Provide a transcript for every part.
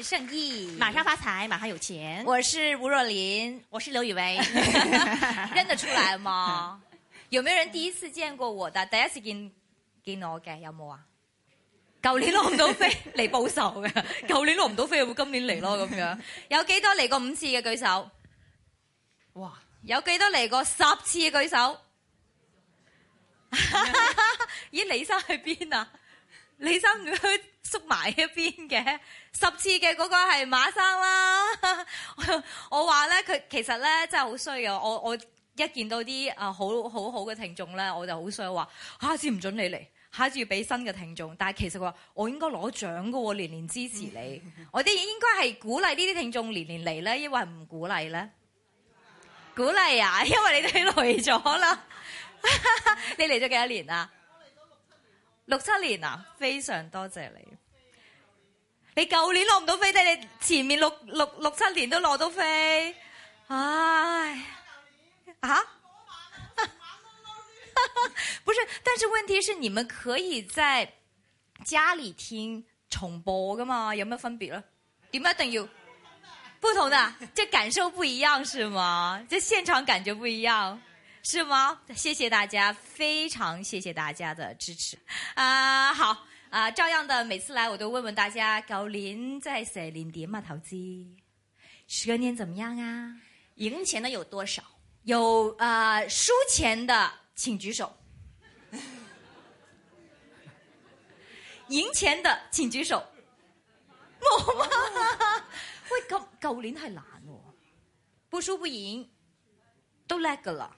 是勝意，馬上發財，馬上有錢。我是吳若琳，我是劉雨薇， 認得出來嗎？ 有沒有人第一次見過我的？但第一次見見我嘅有冇啊？舊年攞唔到飛嚟 報仇嘅，舊年攞唔到飛有冇今年嚟咯咁樣。 有幾多嚟過五次嘅舉手？哇！有幾多嚟過十次嘅舉手？咦哇， 李生去邊啊？李生佢好縮埋一邊嘅，十次嘅嗰個係馬生啦、啊。我話咧，佢其實咧真係好衰啊。我我一見到啲啊好好好嘅聽眾咧，我就好衰話，下次唔准你嚟，下次要俾新嘅聽眾。但其實話我應該攞獎㗎喎，年年支持你。 我啲應該係鼓，鼓勵呢啲聽眾年年嚟咧，抑或唔鼓勵咧？鼓勵啊，因為你哋嚟咗啦。你嚟咗幾多年啊？六七年啊，非常多謝你，你不。你舊年攞唔到飛，但你前面六六六七年都攞到飛，唉啊！不是，但是問題是，你們可以在家裏聽重播噶嘛？有咩分別咧？點解一定要不同的？即感受唔一樣，是嗎？即係現場感覺唔一樣。是嗎？謝謝大家，非常謝謝大家的支持啊！好啊，照樣的，每次來我都問問大家：舊年喺呢度賭馬投資？蛇年點樣啊？贏錢的有幾多？有啊、呃，輸錢的請舉手； 贏錢的請舉手。哇嗎喂，咁舊年太難了。唔輸唔贏都叻㗎喇。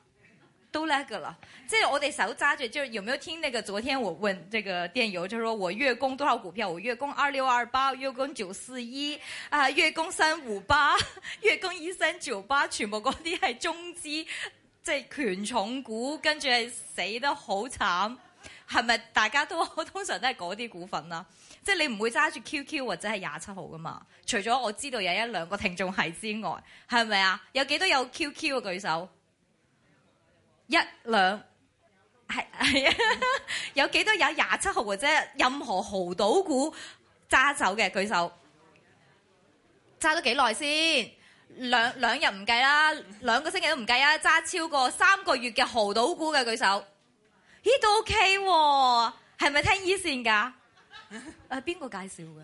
都叻㗎喇，即係我哋手揸住，即係有冇有聽呢個？昨天我問這個電郵，就說我月供多少股票？我月供二六二八，月供九四一，啊，月供三五八，月供一三九八，全部嗰啲係中資，即係權重股，跟住係死得好慘，係咪？大家都通常都係嗰啲股份啦，即係你唔會揸住 QQ 或者係廿七號噶嘛？除咗我知道有一兩個聽眾係之外，係咪啊？有幾多有 QQ 嘅舉手？一兩係係啊！有幾多有廿七號或者任何豪賭股揸走嘅，舉手揸咗幾耐先？兩兩日唔計啦，兩個星期都唔計啊！揸超過三個月嘅豪賭股嘅，舉手。咦，都 OK 喎，啊，係咪聽依線㗎？誒、啊，邊個介紹嘅？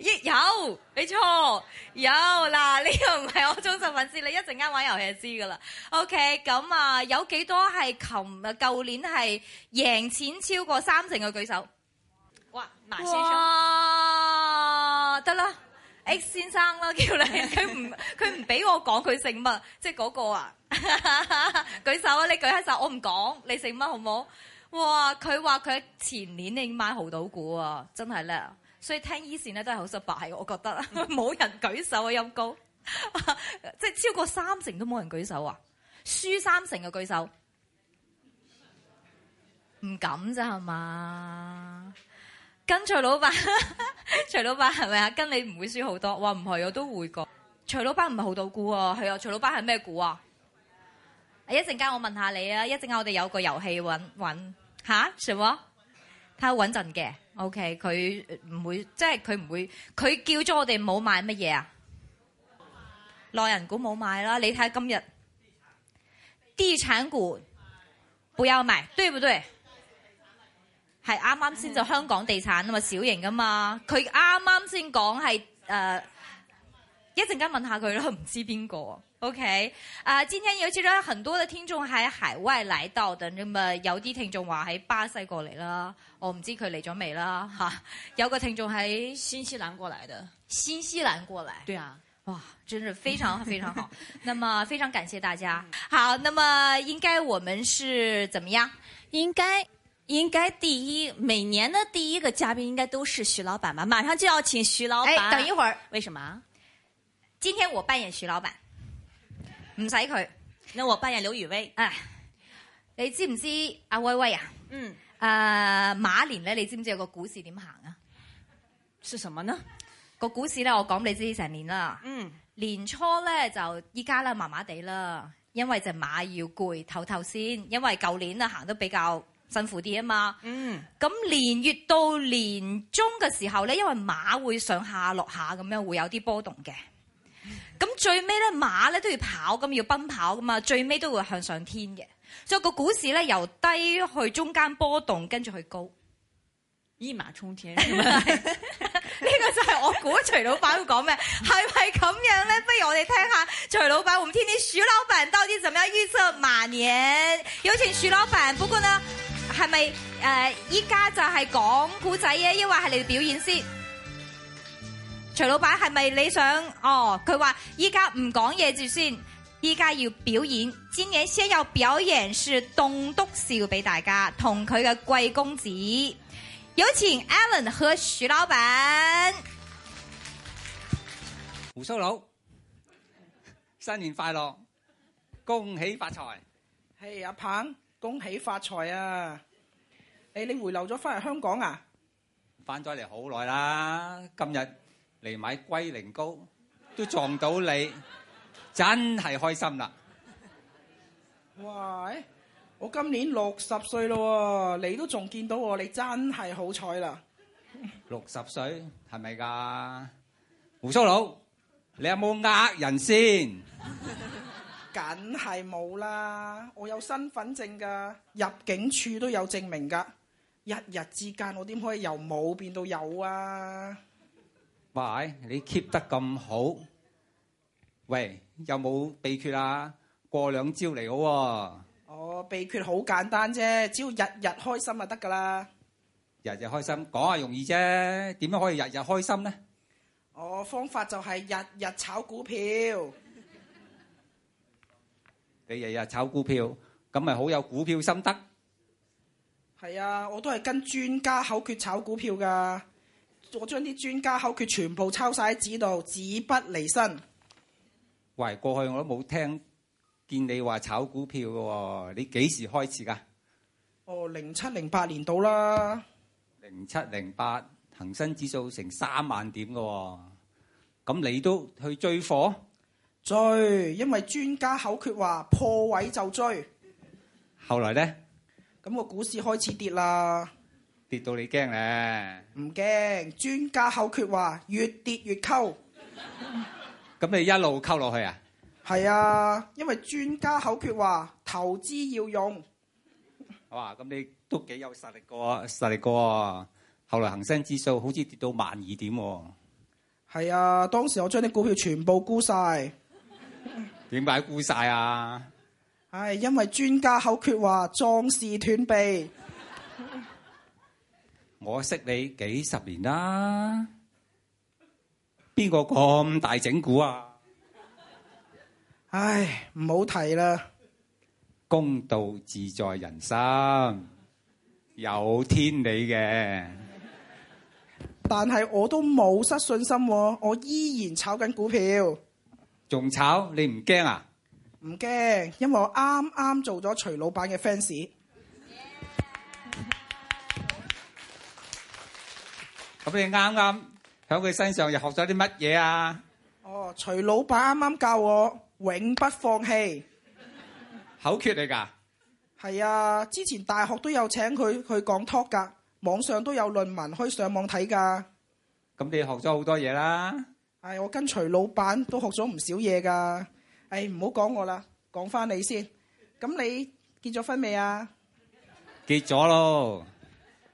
亦有，你錯有嗱，呢個唔係我忠實粉絲，你一陣間玩遊戲知噶啦。OK，咁啊，有幾多係琴啊舊年係贏錢超過三成嘅舉手？哇，馬先生，得啦，X 先生啦叫你，佢唔佢唔俾我講佢姓乜，即係嗰個啊， 舉手啊，你舉一手，我唔講你姓乜好唔好？哇！佢話佢前年已經買濠賭股喎，真係叻！所以聽依線咧都係好失敗，我覺得冇 人舉手啊，陰高， 即係超過三成都冇人舉手啊，輸三成嘅舉手，唔 敢咋係嘛？跟徐老闆， 徐老闆係咪啊？跟你唔會輸好多，哇！唔係我都會講，徐老闆唔係濠賭股喎，係啊，徐老闆係咩股啊？ 一陣間我問下你啊，一陣間我哋有個遊戲揾揾。找吓，乜嘢睇下穩陣嘅，OK，佢唔會，即係佢唔會，佢叫咗我哋冇買乜嘢啊？內人股冇買啦，你睇下今日地產股不要買，對唔對？係啱啱先就香港地產啊嘛，小型啊嘛，佢啱啱先講係誒，一陣間問下佢咯，唔知邊個。OK，啊、呃，今天尤其是很多的聽眾喺海外來到的，那麼有啲聽眾話喺巴西過來了，我、哦、唔知佢來咗未了哈，有個聽眾喺新西蘭過來的，新西蘭過來，對啊，哇、哦，真是非常非常好， 那麼非常感謝大家。好，那麼應該我們是怎麼樣？應該，應該第一每年的第一個嘉賓應該都是徐老闆吧？馬上就要請徐老闆，哎、等一會兒，為什麼？今天我扮演徐老闆。唔使佢，你話班日老如威啊？你知唔知道阿威威啊？嗯，誒，馬年咧，你知唔知道有個股市點行啊？說什麼呢？個股市咧，我講你知成年啦。嗯，年初咧就依家咧麻麻地啦，因為隻馬要攰唞唞先，因為舊年啊行得比較辛苦啲啊嘛。嗯，咁年月到年中嘅時候咧，因為馬會上下落下咁樣會有啲波動嘅。最尾咧，馬咧都要跑，咁要奔跑噶嘛，最尾都會向上天嘅。所以個股市咧由低去中間波動，跟住去高。一馬沖天，呢 個就係我估徐老闆會講咩？係咪咁樣咧？不如我哋聽下徐老闆，我們聽聽徐老闆到底點樣預測馬年？有請徐老闆。不過呢，係咪誒依家就係講古仔嘅，抑或係你哋表演先？徐老闆係咪你想？哦，佢話依家唔講嘢住先，依家要表演，今年先嘢先有表演是棟篤笑俾大家，同佢嘅貴公子，有請 Alan 和徐老闆，鬍鬚佬，新年快樂，恭喜發財，係、hey, 阿鵬恭喜發財啊！誒、欸，你回流咗翻嚟香港啊？翻咗嚟好耐啦，今日。嚟買龜苓膏，都撞到你，真係開心啦！喂，我今年六十歲咯，你都仲見到我，你真係好彩啦！六十歲係咪噶？胡鬚佬，你有冇呃人先？梗係冇啦！我有身份證噶，入境處都有證明噶。一日之間，我點可以由冇變到有啊？喂，你 keep 得咁好，喂，有冇秘訣啊？過兩招嚟好喎，啊哦。秘訣好簡單啫，只要日日開心就得噶啦。日日開心講下容易啫，點樣可以日日開心呢？我、哦、方法就係日日炒股票。你日日炒股票，咁咪好有股票心得？係啊，我都係跟專家口訣炒股票噶。我將啲專家口訣全部抄晒喺紙度，紙不離身。喂，過去我都冇聽見你話炒股票㗎，你幾時開始㗎？哦，零七零八年到啦。零七零八恆生指數成三萬點㗎，咁你都去追貨？追，因為專家口訣話破位就追。後來咧？咁個股市開始跌啦。跌到你驚咧？唔驚，專家口訣話越跌越溝。咁 你一路溝落去啊？係啊，因為專家口訣話投資要用。哇！咁你都幾有實力個，實力個啊！後來恆生指數好似跌到萬二點喎，啊。係啊，當時我將啲股票全部沽晒，點解沽晒啊？係因為專家口訣話壯士斷臂。我識你幾十年啦，邊個咁大整蠱啊？唉，唔好提啦。公道自在人心，有天理嘅。但係我都冇失信心，我依然炒緊股票。仲炒？你唔驚啊？唔驚，因為我啱啱做咗徐老闆嘅 fans。我你啱啱喺佢身上又學咗啲乜嘢啊？哦，徐老闆啱啱教我永不放棄口訣嚟㗎。係啊，之前大學都有請佢去講 talk 㗎，網上都有論文可以上網睇㗎。咁你學咗好多嘢啦。唉、哎，我跟徐老闆都學咗唔少嘢㗎。唉、哎，唔好講我啦，講翻你先。咁你結咗婚未啊？結咗咯。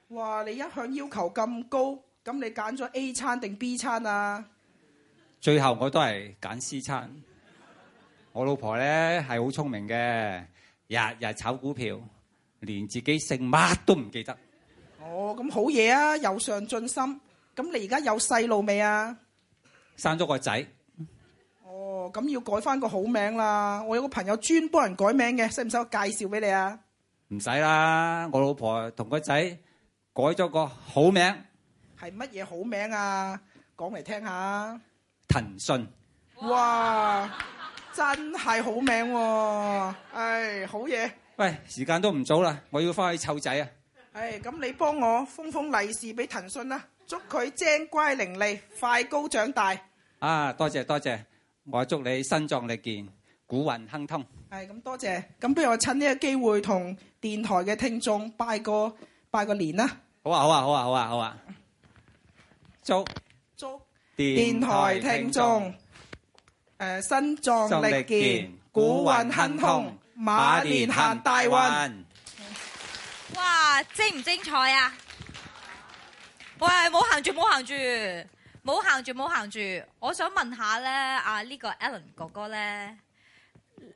哇！你一向要求咁高。咁你揀咗 A 餐定 B 餐啊？最後我都係揀 C 餐。我老婆咧係好聰明嘅，日日炒股票，連自己姓乜都唔記得。哦，咁好嘢啊！有上進心。咁你而家有細路未啊？生咗個仔。哦，咁要改翻個好名啦。我有個朋友專幫人改名嘅，使唔使我介紹俾你啊？唔使啦，我老婆同個仔改咗個好名。係乜嘢好名啊？講嚟聽下。騰訊。哇， 真係好名喎，啊！係、哎，好嘢。喂，時間都唔早啦，我要翻去湊仔啊。係咁，哎，你幫我封封利是俾騰訊啦，祝佢精乖伶俐，快高長大。啊，多謝多謝，我祝你身壯力健，古運亨通。係咁，哎，多謝。咁不如我趁呢個機會同電台嘅聽眾拜個拜個年啦。好啊，好啊，好啊，好啊，好啊。祝祝足足電台聽眾，誒，身壯、呃、力健，古運亨通，馬年行大運。哇，精唔精彩啊？喂，冇行住，冇行住，冇行住，冇行住。我想問一下咧，阿、這、呢個 Alan 哥哥咧，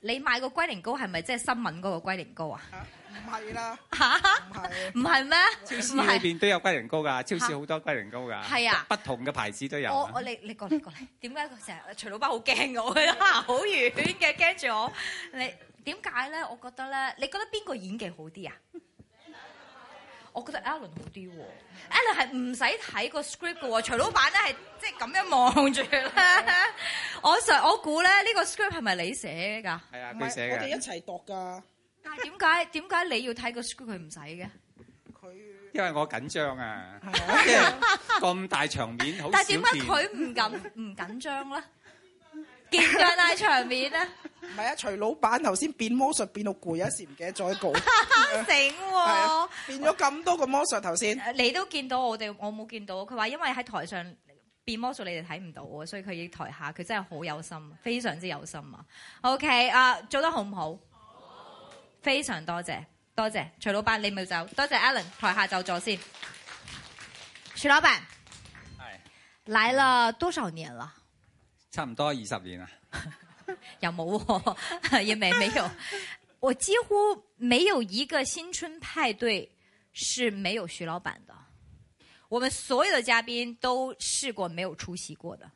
你買個龜苓膏係咪即係新聞嗰個龜苓膏啊？啊唔係啦，嚇哈，唔係咩？超市裏邊都有龜苓膏㗎，哈超市好多龜苓膏㗎，係啊，不同嘅牌子都有我。我我你你過嚟過嚟，點解成日？徐老闆好驚我佢嘅？好遠嘅，驚住我。你點解咧？我覺得咧，你覺得邊個演技好啲啊？我覺得 Alan 好啲喎，Alan 係唔使睇個 script 嘅喎，徐老闆咧係即係咁樣望住啦。我上我估咧呢個 script 係咪你寫㗎？係啊是，佢寫嘅，我哋一齊讀㗎。但係點解點解，你要睇個 school 佢唔使嘅？佢因為我緊張啊！咁 大場面，好少見。但係點解佢唔緊唔緊張咧？見咁 大場面咧？唔係啊！徐老闆頭先變魔術變到攰，有時唔記得再講。醒喎 明、啊啊、變咗咁多個魔術頭先。你都見到我哋，我冇見到佢話，他因為喺台上變魔術，你哋睇唔到啊，所以佢喺台下，佢真係好有心，非常之有心啊！OK，啊，做得好唔好？非常多謝，多謝徐老闆，你唔好走，多謝 Alan，台下就坐先。徐老闆，係，Hi，嚟了多少年啦？差唔多二十年啦。 有冇，亦沒沒有。我幾乎沒有一個新春派對是沒有徐老闆的。我們所有的嘉賓都試過沒有出席過的，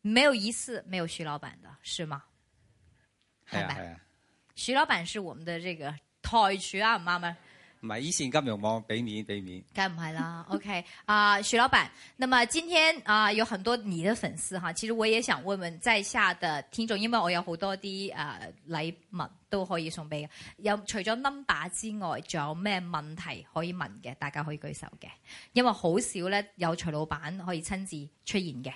沒有一次沒有徐老闆的，是嗎？係啊。徐老闆是我們的這個台柱啊，唔啱咩？唔係，以前金融網俾面俾面，梗唔係啦。 OK，啊、呃，徐老闆，那麼今天啊、呃，有很多你的粉絲哈，其實我也想問問在下的聽眾，因為我有好多啲啊禮物都可以送俾，有除咗 number 之外，仲有咩問題可以問嘅？大家可以舉手嘅，因為好少咧有徐老闆可以親自出現嘅。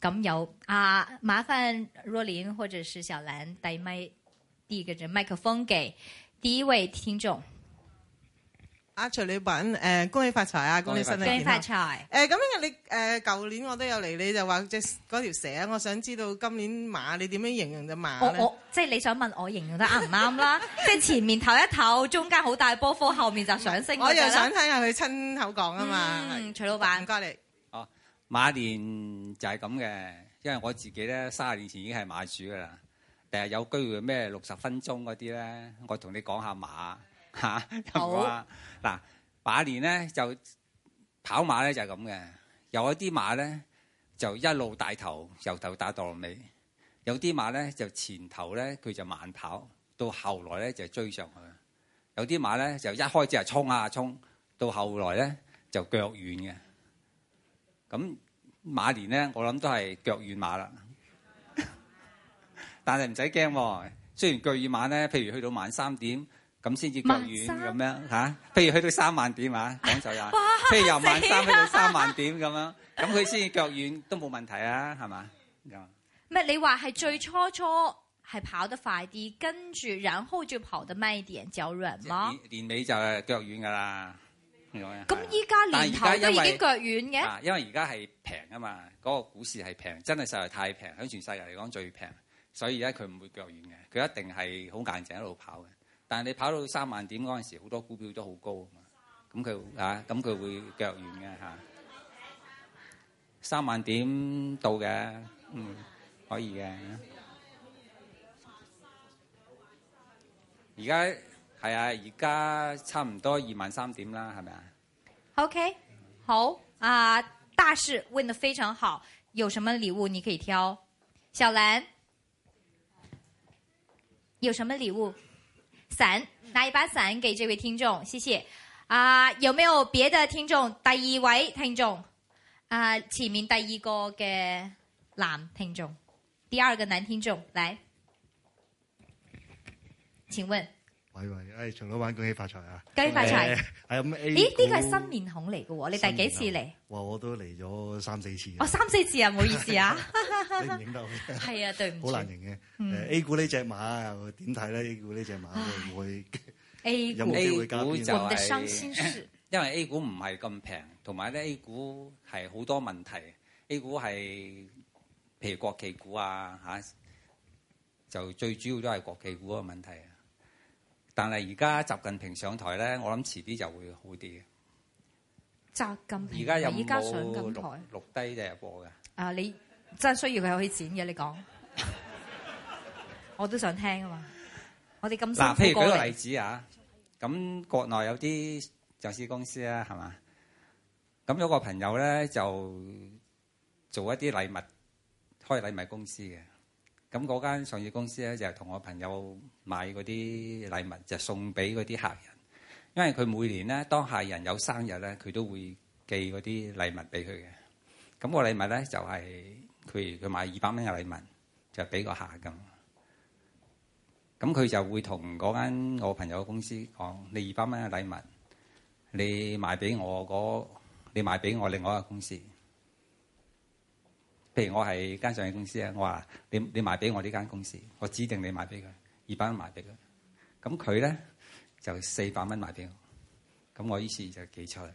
咁有啊、呃，麻煩若琳或者是小蘭遞麥。第二個就麥克風給第一位聽眾。阿、啊、徐潤民，誒、呃、恭喜發財啊！恭喜新一年，恭喜發財。誒咁樣你誒舊、呃、年我都有嚟，你就話隻嗰條蛇，我想知道今年馬你點樣形容隻馬我，我即係你想問我形容得啱唔啱啦？即係 前面唞一唞，中間好大波幅，後面就上升，我又想聽下佢親口講啊嘛。嗯，是徐老闆，恭喜、嗯。唔該你哦，馬年就係咁嘅，因為我自己咧三十年前已經係馬主噶啦。第日有機會咩六十分鐘嗰啲咧？我同你講下馬嚇對、啊，有啊嗱好，馬年咧就跑馬咧就係咁嘅，有一啲馬咧就一路帶頭，由頭打到尾；有啲馬咧就前頭咧佢就慢跑，到後來咧就追上去；有啲馬咧就一開始係衝下衝，到後來咧就腳軟嘅。咁馬年咧，我諗都係腳軟馬啦。但係唔使驚，雖然腳軟晚咧，譬如去到萬三點咁先至腳軟咁樣吓？譬如去到三萬點啊，講就又，哇譬如由萬三去到三萬點咁、啊、哇樣，咁佢先至腳軟 都冇問題啊，係嘛？唔係你話係最初初係跑得快啲，跟住然後就跑得慢啲，腳軟嗎？年尾就係腳軟噶啦。咁依家年頭都已經腳軟嘅、啊。因為而家係平啊嘛，嗰、那個股市係平，真係實在太平，喺全世界嚟講最平。所以咧，佢唔會腳軟嘅，佢一定係好硬淨一路跑嘅。但係你跑到三萬點嗰陣時，好多股票都好高啊嘛，咁佢啊，咁佢會腳軟嘅吓。啊，三萬點到嘅，嗯，可以嘅。而家係啊，而家差唔多二萬三點啦，係咪啊？OK，好啊，uh，大市問得非常好，有什麼禮物你可以挑，小蘭。有什麼禮物？傘，拿一把傘給這位聽眾，謝謝。啊，有沒有別的聽眾？第一位聽眾，啊，前面第一個的男聽眾，第二個男聽眾，來，請問。喂喂，誒、哎、長老闆，恭喜發財啊！恭喜發財，係咁、呃。咦，呢、這個係新面孔嚟嘅喎，你第幾次嚟？哇！我都嚟咗三四次、啊。哦，三四次啊，唔好意思啊， 你認得佢、啊？係啊，對唔住，好難認嘅、嗯呃。A 股隻我呢隻馬又點睇咧？A 股呢隻馬、啊、會唔會？A 股就係、係因為 A 股唔係咁平，同埋咧 A 股係好多問題。A 股係譬如國企股啊吓、啊，就最主要都係國企股嘅問題。但係而家習近平上台咧，我諗遲啲就會好啲嘅。習近平而家有冇錄錄低只播嘅？啊，你真係需要佢可以剪嘅，你講， 我都想聽啊嘛。我哋咁辛苦嗱、啊，譬如舉個例子啊，咁、啊、國內有啲上市公司啊，係嘛？咁有一個朋友咧，就做一啲禮物開禮物公司嘅。咁嗰間上市公司咧就係同我朋友買嗰啲禮物，就送俾嗰啲客人。因為佢每年咧當客人有生日咧，佢都會寄嗰啲禮物俾佢嘅。咁個禮物咧就係佢佢買二百蚊嘅禮物，就俾個客咁。咁佢就會同嗰間我朋友嘅公司講：你二百蚊嘅禮物，你賣俾我嗰，你賣俾我另外一個公司。譬如我係間上市公司啊，我話你你賣俾我呢間公司，我指定你賣俾佢二百蚊賣俾佢，咁佢咧就四百蚊賣俾我。咁我於是就記錯啦。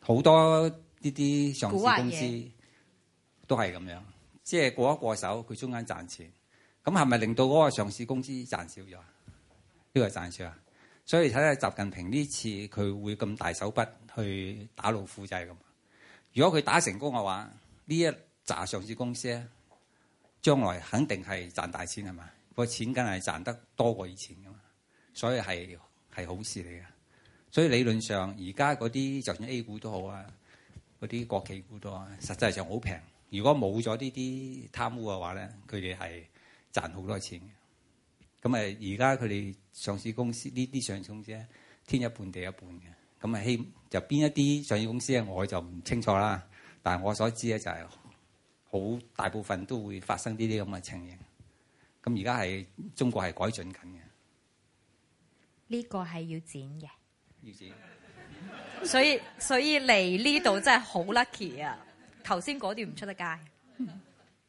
好多呢啲上市公司都係咁樣，即係過一過手佢中間賺錢，咁係咪令到嗰個上市公司賺少咗？呢個賺少啊！所以睇下習近平呢次佢會咁大手筆去打老虎仔。咁。如果佢打成功嘅話，呢一紮上市公司啊，將來肯定係賺大錢係嘛？個錢梗係賺得多過以前噶嘛，所以係係好事嚟嘅。所以理論上，而家嗰啲就算 A 股都好啊，嗰啲國企股都好啊，實際上好平。如果冇咗呢啲貪污嘅話咧，佢哋係賺好多錢嘅。咁誒，而家佢哋上市公司，呢啲上市公司啊，天一半地一半嘅。咁啊希就邊一啲上市公司咧，我就唔清楚啦。但係我所知咧，就係好大部分都會發生呢啲咁嘅情形。咁而家係中國係改進緊嘅。呢個係要剪嘅。要剪。 所以所以嚟呢度真係好 lucky 啊！頭先嗰段唔出得街，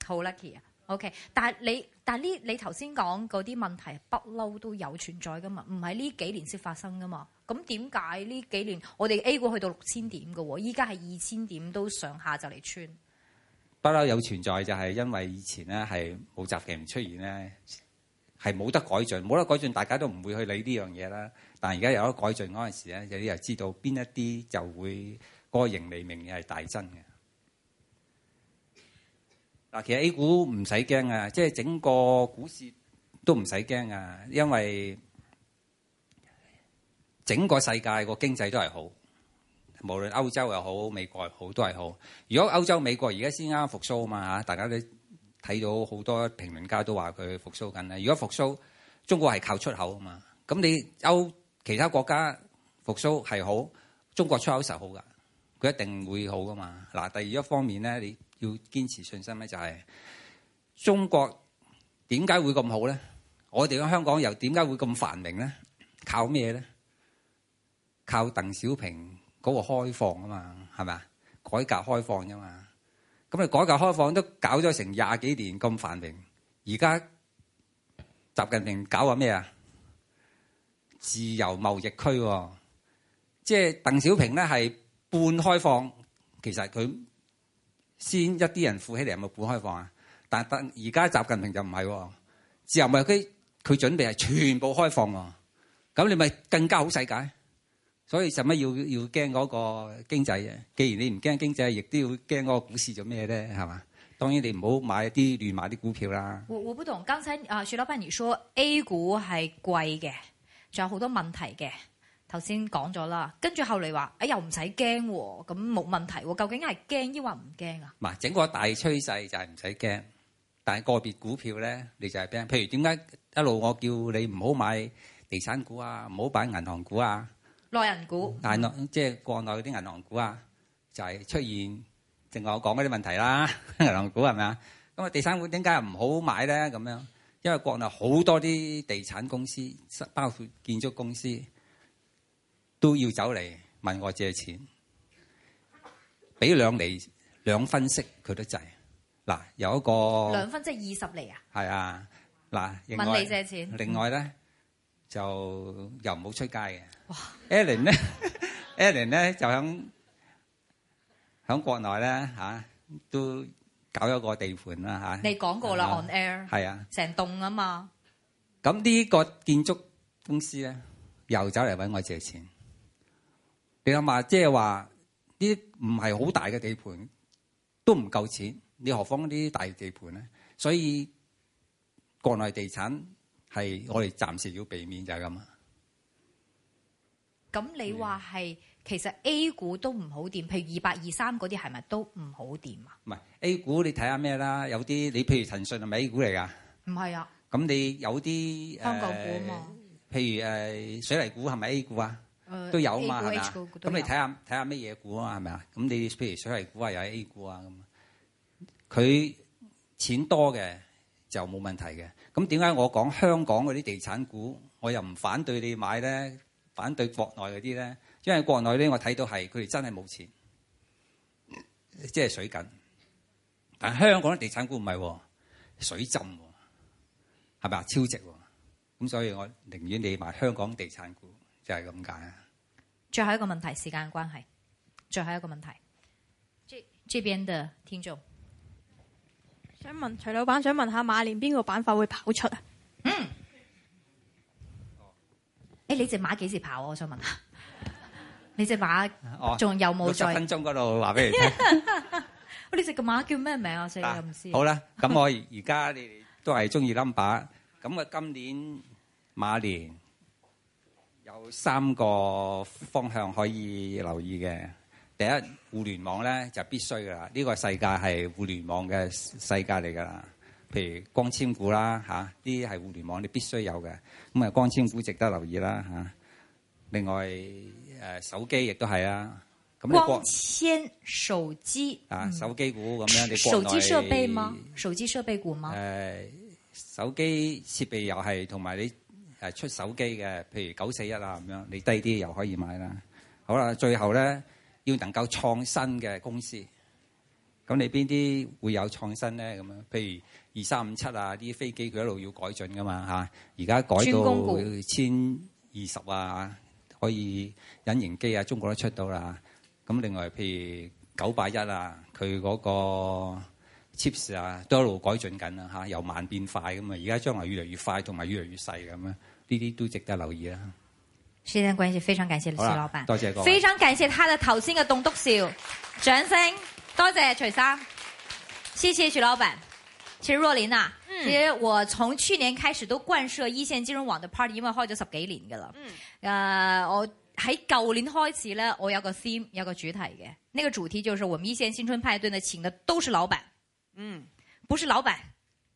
好、嗯、lucky 啊。OK，但係你但係呢你頭先講嗰啲問題不嬲都有存在㗎嘛？唔係呢幾年先發生㗎嘛？咁點解呢幾年我哋 A 股去到六千點嘅？依家係二千點都上下就嚟穿。不嬲有存在就係因為以前咧係冇集雜唔出現咧，係冇得改進，冇得改進，大家都唔會去理呢樣嘢啦。但係而家有得改進嗰陣時咧，有啲又知道邊一啲就會個盈利明年係大增嘅。嗱，其實 A 股唔使驚啊，即係整個股市都唔使驚啊，因為。整個世界個經濟都係好，無論歐洲又好，美國又好，都係好。如果歐洲美國而家先啱復甦嘛嚇，大家都睇到好多評論家都話佢復甦緊咧。如果復甦，中國係靠出口啊嘛。咁你歐其他國家復甦係好，中國出口實好噶，佢一定會好噶嘛。嗱，第二一方面咧，你要堅持信心咧、就係，就係中國點解會咁好咧？我哋香港又點解會咁繁榮咧？靠咩咧？靠鄧小平嗰個開放啊嘛，係咪啊？改革開放啊嘛。咁你改革開放都搞咗成廿幾年咁繁榮，而家習近平搞緊咩啊？自由貿易區。即係鄧小平咧係半開放，其實佢先一啲人富起嚟係咪半開放啊？但而家習近平就唔係。自由貿易區佢準備係全部開放喎。咁你咪更加好世界。所以做乜要要驚嗰個經濟啊？既然你唔驚經濟，亦都要驚嗰個股市做咩咧？係嘛？當然你唔好買啲亂買啲股票啦。我我，不同，剛才啊薛老闆呢說 A 股係貴嘅，仲有好多問題嘅。頭先講咗啦，跟住後嚟話哎又唔使驚喎，咁冇問題喎。究竟係驚抑或唔驚啊？唔係整個大趨勢就係唔使驚，但係個別股票咧你就係驚。譬如點解一路我叫你唔好買地產股啊，唔好買銀行股啊？內銀股，係內即係國內嗰啲銀行股啊，就係出現正如我講嗰啲問題啦。銀行股係咪啊？咁啊，地產股點解唔好買咧？咁樣，因為國內好多啲地產公司，包括建築公司，都要走嚟問我借錢，俾兩釐兩分息佢都制。嗱，有一個兩分即係二十釐啊，係啊。嗱，問你借錢。另外另外咧。就又唔好出街嘅。Alan 咧，Alan 咧就喺喺國內咧嚇，都搞咗個地盤啦嚇。你講過啦，on air。係啊。成棟啊嘛。咁呢個建築公司咧，又走嚟揾我借錢。你諗下，即係話呢啲唔係好大嘅地盤，都唔夠錢。你何況啲大地盤咧？所以國內地產。係我哋暫時要避免就係咁啊！咁你話係其實 A 股都唔好掂，譬如二百二三嗰啲係咪都唔好掂啊？唔係 A 股你睇下咩啦，有啲你譬如騰訊係咪 A 股嚟噶？唔係啊！咁你有啲香港股，啊嘛？譬如誒水泥股係咪 A 股啊？都有啊嘛，係咁你睇下睇下咩嘢股啊，係咪啊？咁你譬如水泥股啊，又係 A 股啊咁，佢錢多嘅就冇問題嘅。咁點解我講香港嗰啲地產股，我又唔反對你買咧？反對國內嗰啲咧，因為國內咧我睇到係佢哋真係冇錢，即係水緊。但香港地產股唔係、哦，水浸喎、哦，係咪啊？超值喎、哦，咁所以我寧願你買香港地產股，就係咁解。最後一個問題，時間關係，最後一個問題，呢呢邊嘅聽眾。想問徐老闆，想問下馬年邊個板塊會跑出啊？嗯，誒、欸，你隻馬幾時跑、啊？我想問下，你隻馬仲、哦、有冇再？十分鐘嗰度話俾你聽。你隻個馬叫咩名啊？所以咁先。好啦，咁我而家你哋都係中意 number，咁我今年馬年有三個方向可以留意嘅。第一，互聯網咧就必須噶啦，呢、這個世界係互聯網嘅世界嚟噶啦。譬如光纖股啦，嚇、啊，啲係互聯網你必須有嘅。咁、嗯、啊，光纖股值得留意啦，嚇、啊。另外，誒手機亦都係啊。咁光纖手機啊，手機股咁樣，嗯、你國內手機設備嗎？手機設備股嗎？誒、呃，手機設備又係同埋你誒出手機嘅，譬如九四一啊咁樣，你低啲又可以買啦。好啦，最後咧。要能夠創新嘅公司，咁你邊啲會有創新咧？咁樣，譬如二三五七啊，啲飛機佢一路要改進噶嘛嚇，而家改到千二十啊，可以隱形機啊，中國都出到啦。咁另外譬如九八一啊，佢嗰個 chips 啊都一路改進緊啦嚇，由慢變快咁啊，而家將來越嚟越快同埋越嚟越細咁啊，呢啲都值得留意啦。時間關係非常感謝徐老闆，多謝各位非常感謝他的頭先的棟篤笑，掌聲、嗯，多謝徐生，謝謝徐老闆。其實若琳啊，嗯、其實我從去年開始都貫徹一線金融網的 party，因為開咗十幾年噶啦。嗯。啊、呃，我喺舊年開始咧，我有個 theme 有個主題嘅，那個主題就是我們一線新春派對呢，請的都是老闆。嗯。不是老闆，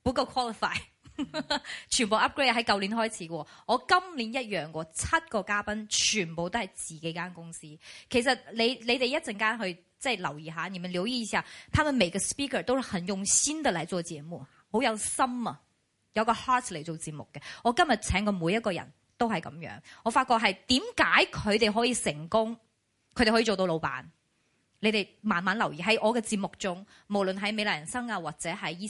不夠 qualify。 全部 upgrade 喺舊年開始嘅，我今年一樣喎，七個嘉賓全部都係自己間公司。其實你你哋一陣間去即係留意下，你們留意一下，他們每個 speaker 都係很用心的嚟做節目，好有心啊，有個 heart 嚟做節目嘅。我今日請嘅每一個人都係咁樣，我發覺係點解佢哋可以成功，佢哋可以做到老闆。你哋慢慢留意喺我嘅節目中，無論喺美麗人生啊，或者喺醫